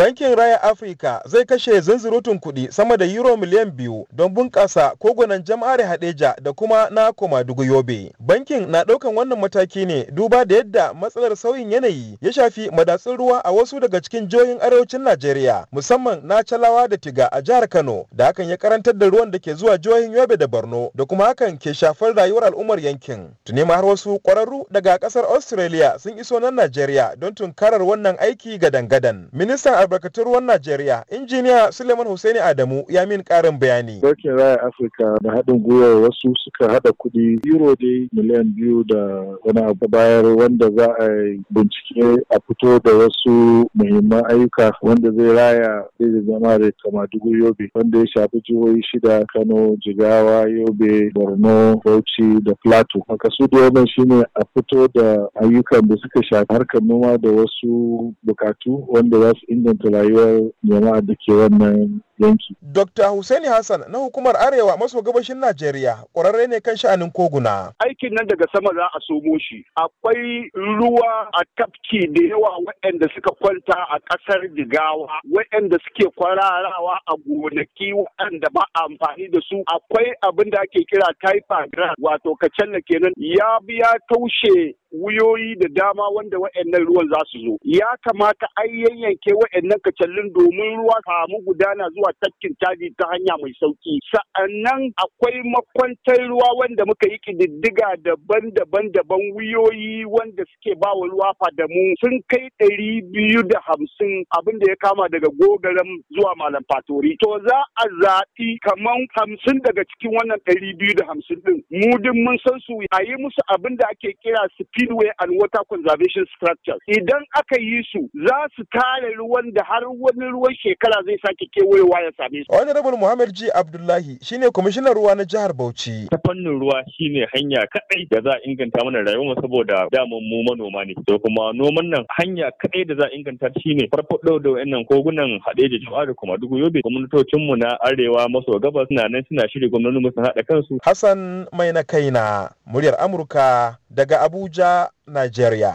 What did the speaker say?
bankin raya afirka zai kashe zanzurutun kuɗi sama da euro miliyan biyu don bunƙasa kogunan jama'ar hadeja da kuma na komadugu yobe bankin na ɗaukan wannan mataki ne duba da yadda matsalar sauyin yanayi ya shafi madatsun ruwa a wasu daga cikin jihohin arewacin najeriya musamman na calawa da tiga a jihar kano da hakan ya karantar da ruwan da ke zuwa jihohin yobe da borno da kuma hakan ke shafar rayuwar al'ummar yankin tuni ma har wasu ƙwararru daga ƙasar australia sun iso nan najeriya don tunkarar wannan aiki gadan-gadan ministan albarkatun ruwan Najeriya, injiniya Suleiman Hussaini Adamu ya min karin bayani. Bankin Raya Afirka da haɗin gwiwar wasu suka haɗa kuɗi euro dai miliyan biyu da wani abu bayar wanda za a yi bincike a fito da wasu muhimman ayyuka wanda zai raya zai zama da kama dubu yobe wanda ya shafi jihohi shida Kano, Jigawa, Yobe, Borno, Bauchi da Plateau. da wannan shine a fito da ayyukan da suka shafi harkar noma da wasu bukatu wanda za su inganta turayyar jama'a da ke wannan Dr. Hussaini Hassan na hukumar Arewa maso gabashin Najeriya ƙwararre ne kan sha'anin koguna. Aikin nan daga sama za a somo shi. Akwai ruwa a tafki da yawa waɗanda suka kwanta a ƙasar Jigawa, waɗanda suke kwararawa a gonaki waɗanda ba amfani da su. Akwai abin da ake kira taifa grass wato kacalla kenan ya biya taushe wuyoyi da dama wanda wa'annan ruwan za su zo. Ya kamata ai yanyanke wa'annan kacallin domin ruwa samu gudana zuwa wa caji ta hanya mai sauki sa'annan akwai makwantar ruwa wanda muka yi kididdiga daban-daban daban wuyoyi wanda suke ba wa ruwa fadamu sun kai ɗari biyu da hamsin abin da ya kama daga gogaram zuwa malam fatori to za a zaɓi kaman hamsin daga cikin wannan ɗari biyu da hamsin ɗin mu duk mun san su a yi musu abin da ake kira speedway and water conservation structures idan aka yi su za su tare ruwan da har wani ruwan shekara zai sake kewayewa ruwa ya same su. Wani rabin Muhammad G. Abdullahi shine kwamishinan ruwa na jihar Bauchi. Ta fannin ruwa shine hanya kadai da za a inganta mana rayuwar saboda daman mu manoma ne. To kuma noman nan hanya kadai da za a inganta ne. farfaɗo da wayannan kogunan haɗe da jama'a da kuma dugu yobe. Gwamnatocin mu na arewa maso gabas na nan suna shirya gwamnatin musu haɗa kansu. Hassan mai na kaina muryar Amurka daga Abuja, Najeriya.